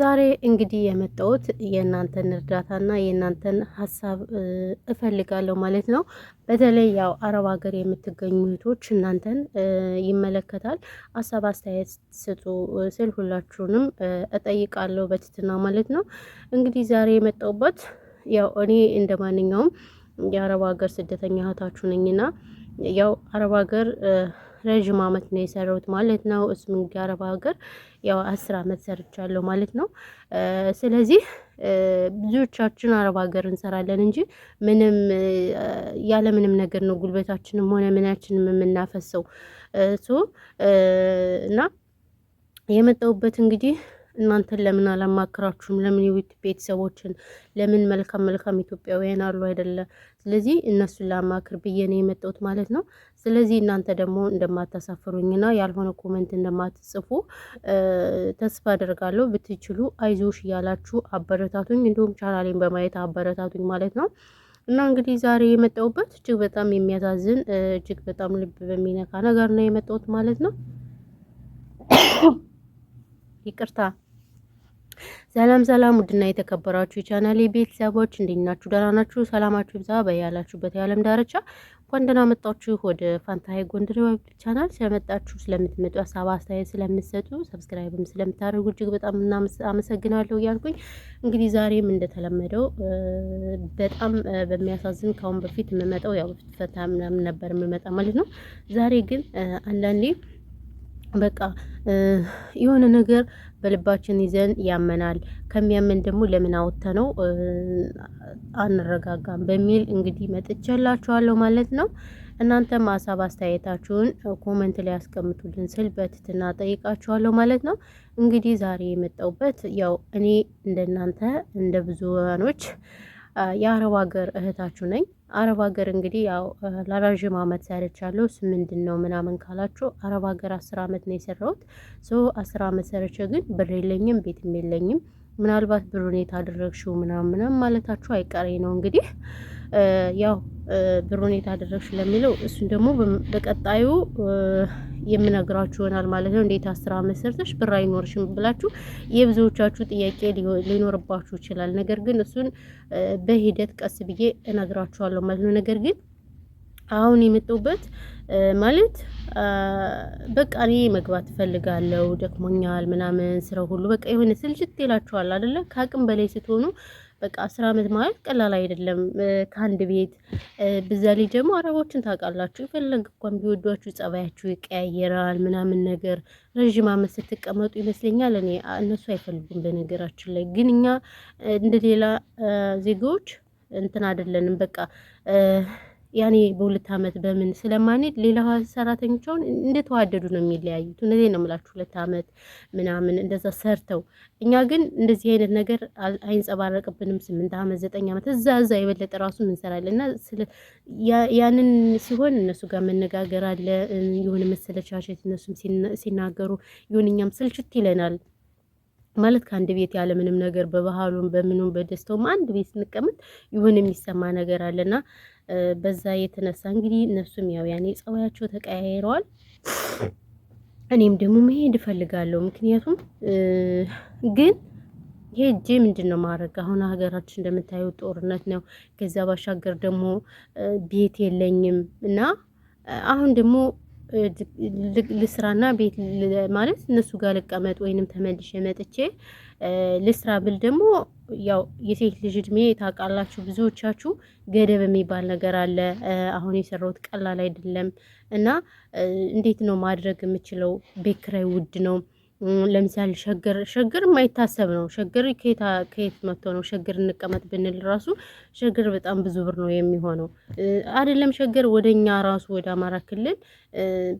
ዛሬ እንግዲህ የመጣሁት የእናንተን እርዳታና የእናንተን ሀሳብ እፈልጋለሁ ማለት ነው። በተለይ ያው አረብ ሀገር የምትገኙ እህቶች እናንተን ይመለከታል። ሀሳብ አስተያየት ስጡ ስል ሁላችሁንም እጠይቃለሁ በትትና ማለት ነው። እንግዲህ ዛሬ የመጣሁበት ያው እኔ እንደ ማንኛውም የአረብ ሀገር ስደተኛ እህታችሁ ነኝና ያው አረብ ሀገር ረዥም አመት ነው የሰራሁት ማለት ነው። እሱም እንግዲህ አረብ ሀገር ያው አስር አመት ሰርቻለሁ ማለት ነው። ስለዚህ ብዙዎቻችን አረብ ሀገር እንሰራለን እንጂ ምንም ያለ ምንም ነገር ነው ጉልበታችንም ሆነ ምናችንም የምናፈሰው እና የመጣሁበት እንግዲህ እናንተን ለምን አላማክራችሁም? ለምን የዩቲዩብ ቤተሰቦችን ለምን መልካም መልካም ኢትዮጵያውያን አሉ አይደለም? ስለዚህ እነሱን ላማክር ብዬ ነው የመጣሁት ማለት ነው። ስለዚህ እናንተ ደግሞ እንደማታሳፍሩኝና ያልሆነ ኮመንት እንደማትጽፉ ተስፋ አደርጋለሁ። ብትችሉ አይዞሽ እያላችሁ አበረታቱኝ፣ እንዲሁም ቻናሌን በማየት አበረታቱኝ ማለት ነው። እና እንግዲህ ዛሬ የመጣሁበት እጅግ በጣም የሚያሳዝን እጅግ በጣም ልብ በሚነካ ነገር ነው የመጣሁት ማለት ነው። ይቅርታ ሰላም ሰላም፣ ውድና የተከበራችሁ የቻናሌ ቤተሰቦች እንዴት ናችሁ? ደህና ናችሁ? ሰላማችሁ ይብዛ በያላችሁበት የዓለም ዳርቻ። እንኳን ደህና መጣችሁ ወደ ፋንታይ ጎንደር ቻናል። ስለመጣችሁ ስለምትመጡ፣ ሀሳብ አስተያየት ስለምትሰጡ፣ ሰብስክራይብም ስለምታደርጉ እጅግ በጣም አመሰግናለሁ እያልኩኝ እንግዲህ ዛሬም እንደተለመደው በጣም በሚያሳዝን ከአሁን በፊት የምመጣው ያው ፈታ ምናምን ነበር የምመጣ ማለት ነው። ዛሬ ግን አንዳንዴ በቃ የሆነ ነገር በልባችን ይዘን ያመናል። ከሚያምን ደግሞ ለምን አወተ ነው አንረጋጋም በሚል እንግዲህ መጥቼላችኋለሁ ማለት ነው። እናንተም ሀሳብ አስተያየታችሁን ኮመንት ላይ ያስቀምጡልን ስል በትትና ጠይቃችኋለሁ ማለት ነው። እንግዲህ ዛሬ የመጣውበት ያው እኔ እንደናንተ እንደ ብዙ የአረብ ሀገር እህታችሁ ነኝ። አረብ ሀገር እንግዲህ ያው ለረዥም አመት ሰርቻለሁ። እሱ ምንድን ነው ምናምን ካላችሁ አረብ ሀገር አስር አመት ነው የሰራሁት። ሶ አስር አመት ሰርቼ ግን ብር የለኝም ቤትም የለኝም ምናልባት ብሩን የታደረግሽው ምናምን ምናምን ማለታችሁ አይቀሬ ነው። እንግዲህ ያው ብሩን የታደረግሽው ለሚለው እሱን ደግሞ በቀጣዩ የምነግራችሁ ይሆናል ማለት ነው። እንዴት አስር አመት ሰርተሽ ብር አይኖርሽም ብላችሁ የብዙዎቻችሁ ጥያቄ ሊኖርባችሁ ይችላል። ነገር ግን እሱን በሂደት ቀስ ብዬ እነግራችኋለሁ ማለት ነው። ነገር ግን አሁን የመጣሁበት ማለት በቃ እኔ መግባት እፈልጋለሁ፣ ደክሞኛል፣ ምናምን ስራ ሁሉ በቃ የሆነ ስልችት ይላችኋል አይደለ? ከአቅም በላይ ስትሆኑ በቃ አስር ዓመት ማለት ቀላል አይደለም። ከአንድ ቤት በዛ ላይ ደግሞ አረቦችን ታውቃላችሁ፣ የፈለግ እንኳን ቢወዷችሁ ጸባያችሁ ይቀያየራል ምናምን ነገር ረዥም ዓመት ስትቀመጡ ይመስለኛል። እኔ እነሱ አይፈልጉም። በነገራችን ላይ ግን እኛ እንደሌላ ዜጋዎች እንትን አይደለንም በቃ ያኔ በሁለት ዓመት በምን ስለማንሄድ ሌላ ሰራተኞቻውን እንደተዋደዱ ነው የሚለያዩት። እውነቴን ነው የምላችሁ። ሁለት ዓመት ምናምን እንደዛ ሰርተው እኛ ግን እንደዚህ አይነት ነገር አይንጸባረቅብንም። ስምንት ዓመት ዘጠኝ ዓመት እዛ እዛ የበለጠ ራሱ እንሰራለን እና ያንን ሲሆን እነሱ ጋር መነጋገር አለ የሆነ መሰለቻሸት እነሱም ሲናገሩ ይሁን እኛም ስልችት ይለናል። ማለት ከአንድ ቤት ያለ ምንም ነገር በባህሉም በምኑም በደስታውም አንድ ቤት ስንቀመጥ ይሁን የሚሰማ ነገር አለና በዛ የተነሳ እንግዲህ እነሱም ያው ያኔ ጸባያቸው ተቀያይረዋል። እኔም ደግሞ መሄድ እፈልጋለሁ። ምክንያቱም ግን ሄጄ ምንድን ነው ማድረግ አሁን ሀገራችን እንደምታየው ጦርነት ነው። ከዛ ባሻገር ደግሞ ቤት የለኝም እና አሁን ደግሞ ልስራና ቤት ማለት እነሱ ጋር ልቀመጥ ወይንም ተመልሼ መጥቼ ልስራ ብል ደግሞ ያው የሴት ልጅ እድሜ ታውቃላችሁ፣ ብዙዎቻችሁ ገደብ የሚባል ነገር አለ። አሁን የሰራሁት ቀላል አይደለም እና እንዴት ነው ማድረግ የምችለው? ቤት ኪራይ ውድ ነው። ለምሳሌ ሸገር ሸገር የማይታሰብ ነው። ሸገር ከየት መጥቶ ነው ሸገር እንቀመጥ ብንል ራሱ ሸገር በጣም ብዙ ብር ነው የሚሆነው። አይደለም ሸገር ወደኛ ራሱ ወደ አማራ ክልል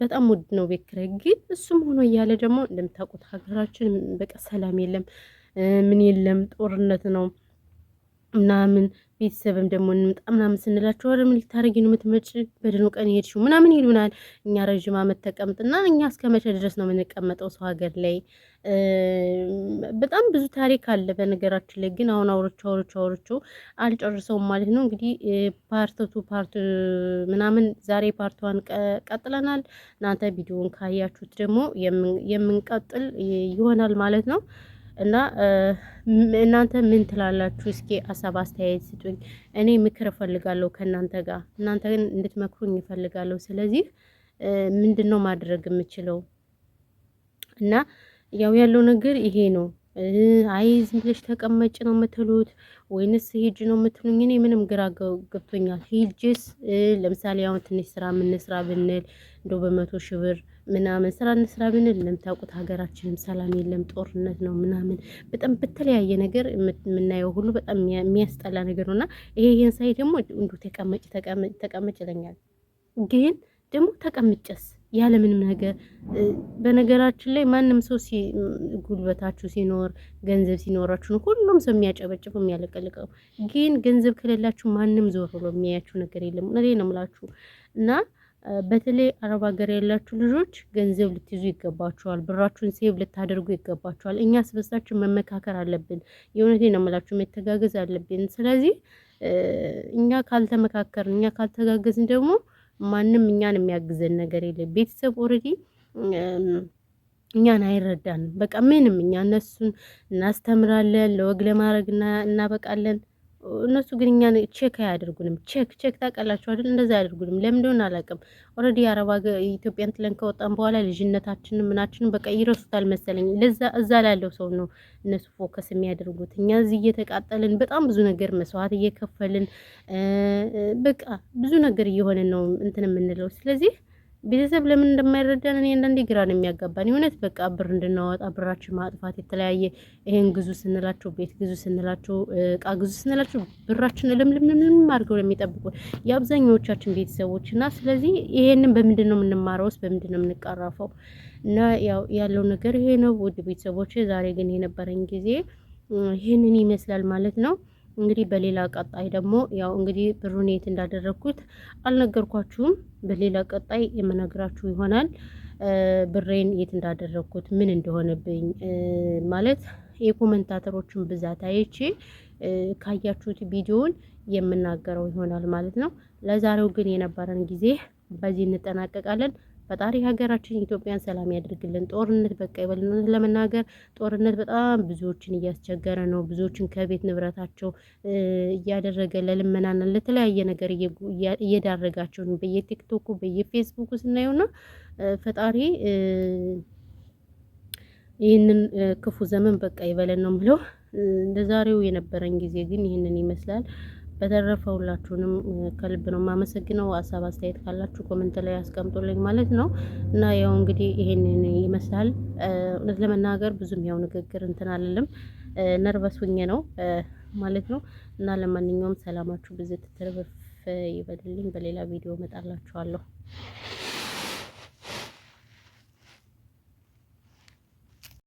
በጣም ውድ ነው ቤት ኪራይ። ግን እሱም ሆኖ እያለ ደግሞ እንደምታውቁት ሀገራችን በቃ ሰላም የለም ምን የለም ጦርነት ነው። ምናምን ቤተሰብም ደግሞ እንምጣ ምናምን ስንላቸው ወደ ምን ልታረጊ ነው የምትመጪ? በድኑ ቀን ሄድሽው ምናምን ይሉናል። እኛ ረዥም ዓመት ተቀምጥና እኛ እስከ መቼ ድረስ ነው የምንቀመጠው ሰው ሀገር ላይ? በጣም ብዙ ታሪክ አለ በነገራችን ላይ ግን አሁን አውሮቹ አውሮቹ አውሮቹ አልጨርሰውም ማለት ነው። እንግዲህ ፓርቶቱ ፓርት ምናምን ዛሬ ፓርቷን ቀጥለናል። እናንተ ቪዲዮውን ካያችሁት ደግሞ የምንቀጥል ይሆናል ማለት ነው። እና እናንተ ምን ትላላችሁ? እስኪ አሳብ አስተያየት ስጡኝ። እኔ ምክር እፈልጋለሁ ከእናንተ ጋር እናንተ ግን እንድትመክሩኝ እፈልጋለሁ። ስለዚህ ምንድን ነው ማድረግ የምችለው? እና ያው ያለው ነገር ይሄ ነው። አይ ዝም ብለሽ ተቀመጭ ነው የምትሉት ወይንስ ሂጅ ነው የምትሉኝ? እኔ ምንም ግራ ገብቶኛል። ሂጅስ ለምሳሌ አሁን ትንሽ ስራ የምንስራ ብንል እንደው በመቶ ሺህ ብር ምናምን ስራ እንስራ ብንል ለምታውቁት ሀገራችንም ሰላም የለም፣ ጦርነት ነው ምናምን በጣም በተለያየ ነገር የምናየው ሁሉ በጣም የሚያስጠላ ነገር ነውና ይሄ ይህን ሳይ ደግሞ እንዱ ተቀመጭ ተቀመጭ ይለኛል። ግን ደግሞ ተቀምጨስ ያለምንም ነገር በነገራችን ላይ ማንም ሰው ጉልበታችሁ ሲኖር ገንዘብ ሲኖራችሁ ነው ሁሉም ሰው የሚያጨበጭበው የሚያለቀልቀው። ግን ገንዘብ ከሌላችሁ ማንም ዞር ብሎ የሚያያችሁ ነገር የለም። እኔ ነው የምላችሁ እና በተለይ አረብ ሀገር ያላችሁ ልጆች ገንዘብ ልትይዙ ይገባችኋል። ብራችሁን ሴቭ ልታደርጉ ይገባችኋል። እኛ ስበሳችን መመካከር አለብን። የእውነቴን ነው የምላችሁ፣ መተጋገዝ አለብን። ስለዚህ እኛ ካልተመካከርን፣ እኛ ካልተጋገዝን ደግሞ ማንም እኛን የሚያግዘን ነገር የለም። ቤተሰብ ኦልሬዲ እኛን አይረዳንም። በቃ ምንም እኛ እነሱን እናስተምራለን፣ ለወግ ለማድረግ እናበቃለን። እነሱ ግን እኛን ቼክ አያደርጉንም። ቼክ ቼክ ታውቃላችሁ አይደል? እንደዛ አያደርጉንም። ለምን እንደሆነ አላውቅም። ኦልሬዲ የአረብ ሀገር ኢትዮጵያን ትለን ከወጣን በኋላ ልጅነታችንን ምናችንን በቃ ይረሱታል መሰለኝ። ለዛ እዛ ላለው ሰው ነው እነሱ ፎከስ የሚያደርጉት። እኛ እዚህ እየተቃጠልን በጣም ብዙ ነገር መስዋዕት እየከፈልን በቃ ብዙ ነገር እየሆነን ነው እንትን የምንለው ስለዚህ ቤተሰብ ለምን እንደማይረዳን እኔ አንዳንዴ ግራ ነው የሚያጋባን። የእውነት በቃ ብር እንድናወጣ ብራችን ማጥፋት የተለያየ ይሄን ግዙ ስንላቸው ቤት ግዙ ስንላቸው እቃ ግዙ ስንላቸው ብራችን ለምልምልምልም አድርገው ለሚጠብቁ የአብዛኛዎቻችን ቤተሰቦች እና ስለዚህ ይሄንን በምንድን ነው የምንማረውስ? በምንድን ነው የምንቀረፈው? እና ያው ያለው ነገር ይሄ ነው ውድ ቤተሰቦች። ዛሬ ግን የነበረኝ ጊዜ ይህንን ይመስላል ማለት ነው። እንግዲህ በሌላ ቀጣይ ደግሞ ያው እንግዲህ ብሩን የት እንዳደረግኩት አልነገርኳችሁም። በሌላ ቀጣይ የምነግራችሁ ይሆናል። ብሬን የት እንዳደረግኩት ምን እንደሆነብኝ ማለት የኮመንታተሮችን ብዛት አይቼ ካያችሁት ቪዲዮውን የምናገረው ይሆናል ማለት ነው። ለዛሬው ግን የነበረን ጊዜ በዚህ እንጠናቀቃለን። ፈጣሪ ሀገራችን ኢትዮጵያን ሰላም ያድርግልን። ጦርነት በቃ ይበልን። ለመናገር ጦርነት በጣም ብዙዎችን እያስቸገረ ነው። ብዙዎችን ከቤት ንብረታቸው እያደረገ ለልመናና ለተለያየ ነገር እየዳረጋቸው ነው። በየቲክቶኩ በየፌስቡኩ ስናየውና ፈጣሪ ይህንን ክፉ ዘመን በቃ ይበለን ነው ምለው። ለዛሬው የነበረን ጊዜ ግን ይህንን ይመስላል። በተረፈ ሁላችሁንም ከልብ ነው የማመሰግነው። ሀሳብ አስተያየት ካላችሁ ኮመንት ላይ ያስቀምጡልኝ ማለት ነው እና ያው እንግዲህ ይሄንን ይመስላል። እውነት ለመናገር ብዙም ያው ንግግር እንትን አልልም፣ ነርቨስ ሁኜ ነው ማለት ነው እና ለማንኛውም ሰላማችሁ ብዙ ትትርብፍ ይበልልኝ። በሌላ ቪዲዮ እመጣላችኋለሁ።